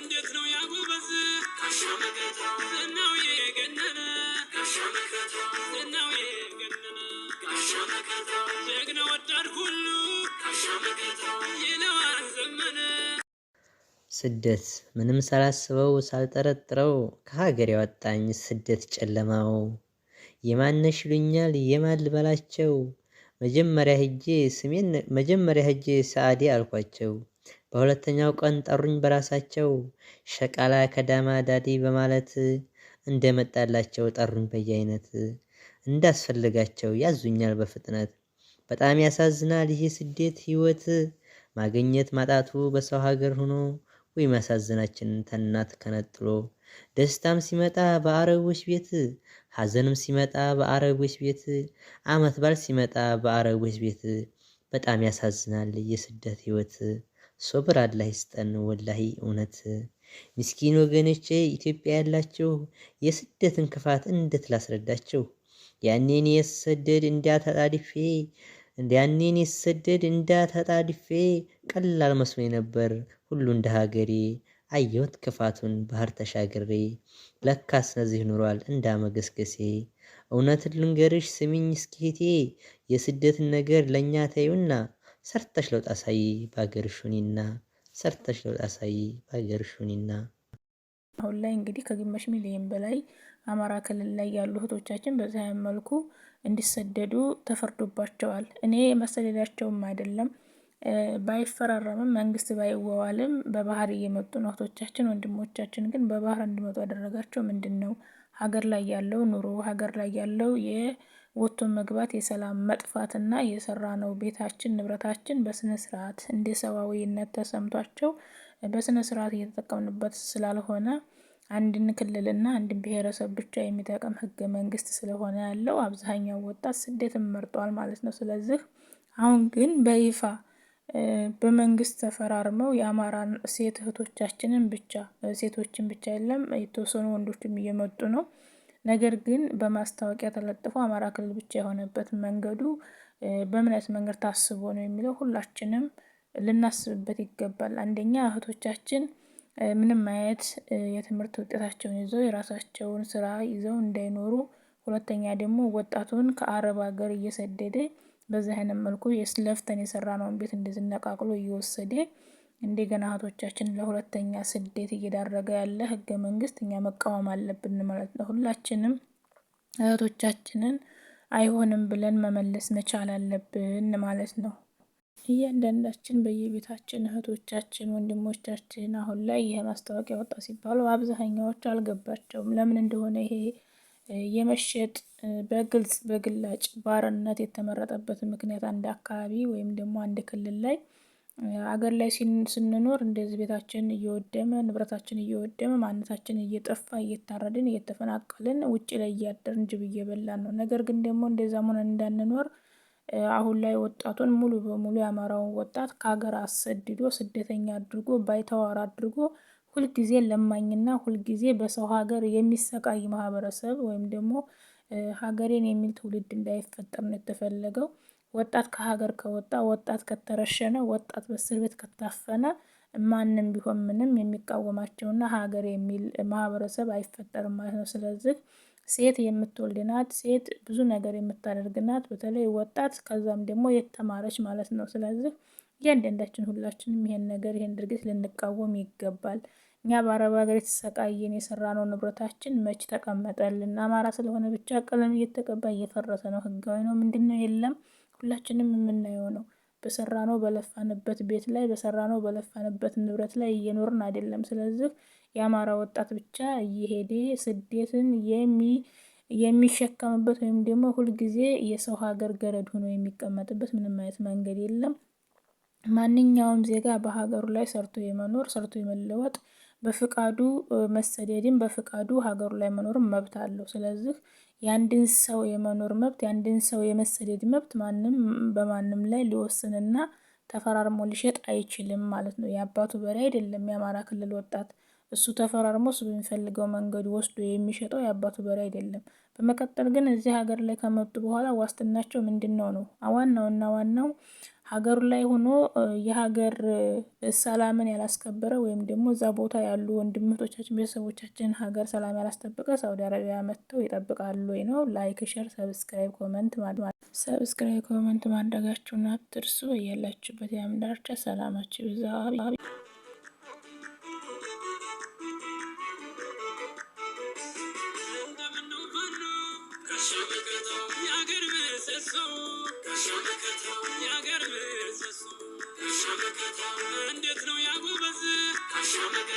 እንዴት ነው ያጎበዝ ዝናው የገነነ ዝናው የገነነ ደግነ ወዳድ ሁሉ ይለዋል ዘመነ። ስደት ምንም ሳላስበው ሳልጠረጥረው ከሀገር ያወጣኝ ስደት ጨለማው የማነሽ ይሉኛል የማን መጀመሪያ ህጄ ስሜን መጀመሪያ ሰአዴ አልኳቸው። በሁለተኛው ቀን ጠሩኝ በራሳቸው ሸቃላ ከዳማ ዳዴ በማለት እንደመጣላቸው ጠሩኝ በየአይነት እንዳስፈልጋቸው ያዙኛል በፍጥነት። በጣም ያሳዝናል ይህ ስደት ህይወት ማግኘት ማጣቱ በሰው ሀገር ሆኖ ወይ ማሳዝናችን ተናት ከነጥሎ ደስታም ሲመጣ በአረቦች ቤት፣ ሐዘንም ሲመጣ በአረቦች ቤት፣ አመት ባል ሲመጣ በአረቦች ቤት። በጣም ያሳዝናል የስደት ህይወት። ሶብር አላህ ይስጠን ወላሂ እውነት። ምስኪን ወገኖቼ ኢትዮጵያ ያላችሁ የስደትን ክፋት እንዴት ላስረዳችሁ? ያኔን የሰደድ እንዳተጣድፌ ያኔን የሰደድ እንዳተጣድፌ ቀላል መስሎኝ ነበር ሁሉ እንደ ሀገሬ አየሁት ክፋቱን ባህር ተሻግሬ ለካስ ነዚህ ኑሯል እንዳመገስገሴ። እውነትን ልንገርሽ ስሚኝ እስኪሄቴ፣ የስደትን ነገር ለእኛ ተዩና ሰርተሽ ለውጥ አሳይ በአገርሽ ሁኒና ሰርተሽ ለውጥ አሳይ በአገርሽ አሁን ላይ እንግዲህ ከግማሽ ሚሊዮን በላይ አማራ ክልል ላይ ያሉ እህቶቻችን በዚህ መልኩ እንዲሰደዱ ተፈርዶባቸዋል። እኔ መሰደዳቸውም አይደለም ባይፈራረምም መንግስት ባይዋዋልም በባህር እየመጡ ነው። እህቶቻችን ወንድሞቻችን ግን በባህር እንዲመጡ ያደረጋቸው ምንድን ነው? ሀገር ላይ ያለው ኑሮ ሀገር ላይ ያለው የወጥቶ መግባት የሰላም መጥፋትና የሰራነው ቤታችን ንብረታችን በስነ ስርዓት እንደ ሰብአዊነት ተሰምቷቸው በስነ ስርዓት እየተጠቀምንበት ስላልሆነ አንድን ክልልና አንድን ብሔረሰብ ብቻ የሚጠቅም ህገ መንግስት ስለሆነ ያለው አብዛኛው ወጣት ስደትን መርጧል ማለት ነው። ስለዚህ አሁን ግን በይፋ በመንግስት ተፈራርመው የአማራ ሴት እህቶቻችንን ብቻ ሴቶችን ብቻ የለም የተወሰኑ ወንዶችም እየመጡ ነው። ነገር ግን በማስታወቂያ ተለጥፎ አማራ ክልል ብቻ የሆነበት መንገዱ በምን አይነት መንገድ ታስቦ ነው የሚለው ሁላችንም ልናስብበት ይገባል። አንደኛ እህቶቻችን ምንም አይነት የትምህርት ውጤታቸውን ይዘው የራሳቸውን ስራ ይዘው እንዳይኖሩ፣ ሁለተኛ ደግሞ ወጣቱን ከአረብ ሀገር እየሰደደ በዚህ አይነት መልኩ ለፍተን የሰራነውን ቤት እንደዚህ ነቃቅሎ እየወሰደ እንደገና እህቶቻችን ለሁለተኛ ስደት እየዳረገ ያለ ህገ መንግስት እኛ መቃወም አለብን ማለት ነው። ሁላችንም እህቶቻችንን አይሆንም ብለን መመለስ መቻል አለብን ማለት ነው። እያንዳንዳችን በየቤታችን እህቶቻችን፣ ወንድሞቻችን አሁን ላይ ይህ ማስታወቂያ ወጣ ሲባሉ አብዛኛዎች አልገባቸውም ለምን እንደሆነ ይሄ የመሸጥ በግልጽ በግላጭ ባርነት የተመረጠበት ምክንያት አንድ አካባቢ ወይም ደግሞ አንድ ክልል ላይ አገር ላይ ስንኖር እንደዚህ ቤታችን እየወደመ ንብረታችን እየወደመ ማንነታችን እየጠፋ እየታረድን እየተፈናቀልን ውጭ ላይ እያደርን ጅብ እየበላን ነው። ነገር ግን ደግሞ እንደዛም ሆነን እንዳንኖር አሁን ላይ ወጣቱን ሙሉ በሙሉ የአማራውን ወጣት ከሀገር አሰድዶ ስደተኛ አድርጎ ባይተዋር አድርጎ ሁልጊዜ ለማኝና ሁልጊዜ በሰው ሀገር የሚሰቃይ ማህበረሰብ ወይም ደግሞ ሀገሬን የሚል ትውልድ እንዳይፈጠር ነው የተፈለገው። ወጣት ከሀገር ከወጣ፣ ወጣት ከተረሸነ፣ ወጣት በእስር ቤት ከታፈነ ማንም ቢሆን ምንም የሚቃወማቸውና ሀገር የሚል ማህበረሰብ አይፈጠርም ማለት ነው። ስለዚህ ሴት የምትወልድ ናት። ሴት ብዙ ነገር የምታደርግ ናት። በተለይ ወጣት ከዛም ደግሞ የተማረች ማለት ነው። ስለዚህ እያንዳንዳችን ሁላችንም ይሄን ነገር ይሄን ድርጊት ልንቃወም ይገባል። እኛ በአረብ ሀገር የተሰቃየን የሰራነው ንብረታችን መች ተቀመጠልን? አማራ ስለሆነ ብቻ ቀለም እየተቀባ እየፈረሰ ነው። ህጋዊ ነው ምንድን ነው የለም። ሁላችንም የምናየው ነው። ነው በለፋንበት ቤት ላይ በሰራነው በለፋንበት ንብረት ላይ እየኖርን አይደለም። ስለዚህ የአማራ ወጣት ብቻ እየሄደ ስደትን የሚሸከምበት ወይም ደግሞ ሁልጊዜ የሰው ሀገር ገረድ ሆኖ የሚቀመጥበት ምንም አይነት መንገድ የለም። ማንኛውም ዜጋ በሀገሩ ላይ ሰርቶ የመኖር ሰርቶ የመለወጥ በፍቃዱ መሰደድም በፍቃዱ ሀገሩ ላይ መኖርም መብት አለው። ስለዚህ የአንድን ሰው የመኖር መብት የአንድን ሰው የመሰደድ መብት ማንም በማንም ላይ ሊወስንና ተፈራርሞ ሊሸጥ አይችልም ማለት ነው። የአባቱ በሬ አይደለም የአማራ ክልል ወጣት እሱ ተፈራርሞ እሱ በሚፈልገው መንገድ ወስዶ የሚሸጠው የአባቱ በሬ አይደለም። በመቀጠል ግን እዚህ ሀገር ላይ ከመጡ በኋላ ዋስትናቸው ምንድን ነው ነው ዋናውና ዋናው ሀገሩ ላይ ሆኖ የሀገር ሰላምን ያላስከበረ ወይም ደግሞ እዛ ቦታ ያሉ ወንድምቶቻችን ቤተሰቦቻችን ሀገር ሰላም ያላስጠበቀ ሳውዲ አረቢያ መጥተው ይጠብቃሉ ወይ ነው። ላይክ፣ ሸር፣ ሰብስክራይብ፣ ኮመንት ማድማድ ሰብስክራይብ፣ ኮመንት ማድረጋችሁን አትርሱ። ያላችሁበት ያምዳርቻ ሰላማችሁ ይብዛ።